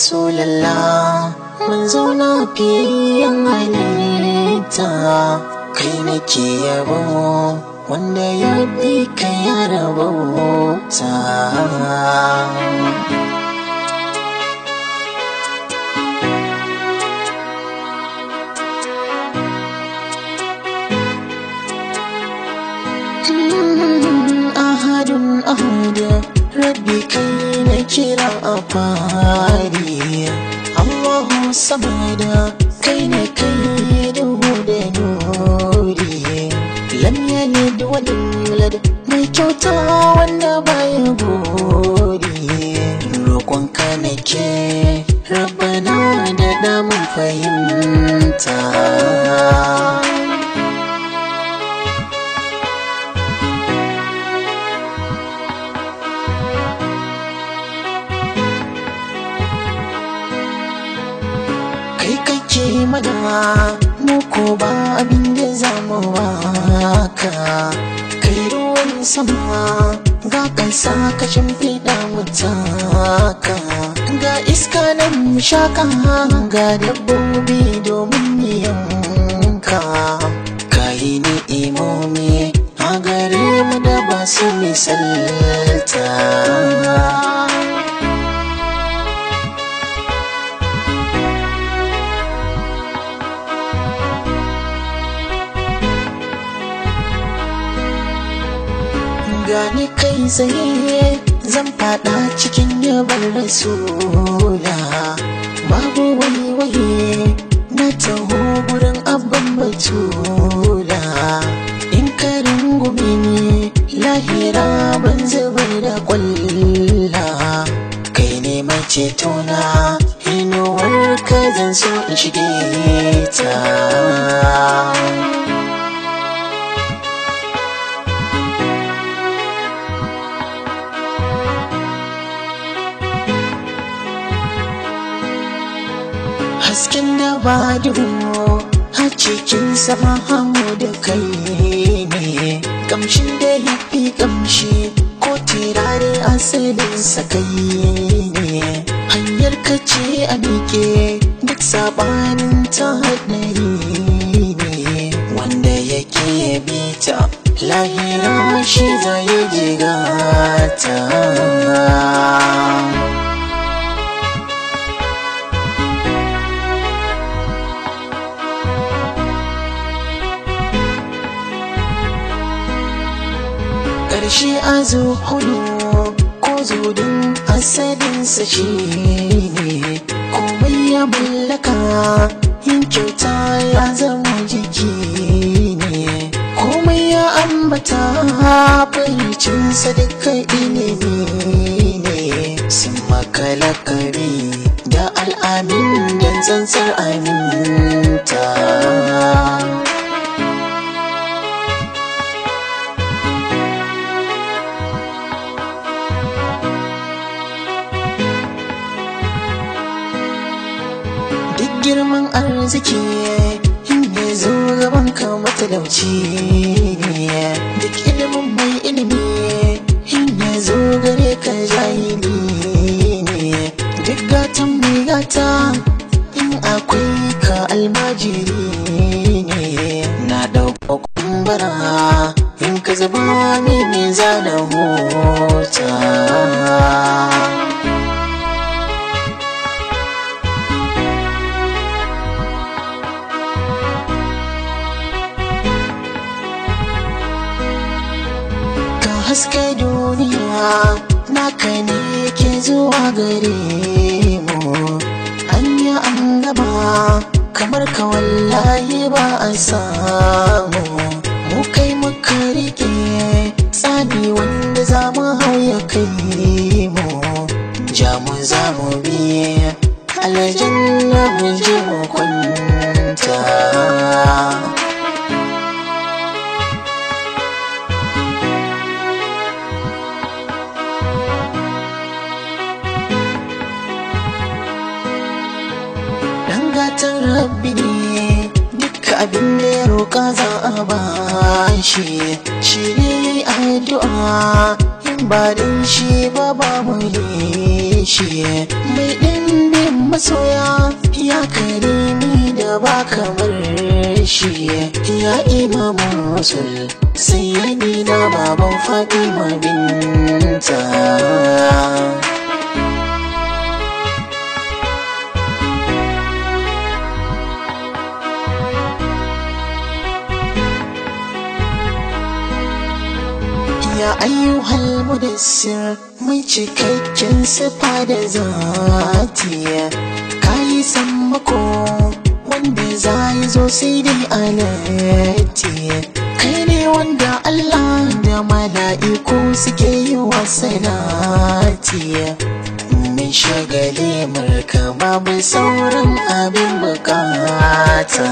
rasulallah mun zauna kai nake yabo wanda ya bi ka ya rabauta أحد أحد ربي كي sama da kai ne kai duhu da nuri lam yalid wa yulad mai kyauta wanda baya gori roƙon ka nake rabana da damun fahimta yi mana mu ba abin da za mu baka kai ruwan sama ga kansa ka shimfiɗa muta taka ga iska nan mu shaka ga dabbobi domin yanka kayi ni imomi a gare mu da ba su misalta gani kai tsaye zan fada cikin yabar rasula babu wani waye na taho gurin abban batula in karin gumi ne lahira ban zubar da kwalla kai ne mace tona inuwar ka zan so in shige ta hasken da ba duhu har cikin sama hamu da kai ne kamshin da ya fi kamshi ko tirare asalin sa kai ne hanyar ka a miƙe duk sabanin ta haɗari ne wanda yake bita lahira shi zai jigata shi a zo hudu ko asadin asalinsa shi ne komai ya mallaka in kyauta ya zama jiki ne komai ya ambata sa duka ilimi ne sun makalakari da al'amin don tsantsar aminta girman arziki inda zo gaban ka matalauci duk ilimin mai ilimi inda zo gare ka jahili duk gatan mai gata in akwai ka almajiri na ɗaukakun bara in ka zaba ne mai zana hota haske duniya na ne ke zuwa gare mu hanya annaba kamar ka wallahi ba a samu mu kai muka rike tsani wanda za mu hauya kai mu ja mu za mu biye aljanna mu je mu fatan rabbi ne duka abin da ya roƙa za a ba shi shi ne addu'a in ba shi ba ba mu shi mai ɗimbin masoya ya ni da ba kamar shi ya imamu masu sai ya na baban fatima binta ya ayyuhal mudassir mai cikakken sifa da zatiya kayi sammako wanda za yi zo sai dai alatiya kai ne wanda Allah da mala'iku suke yi wa sanatiya mai shagale marka babu sauran abin bukata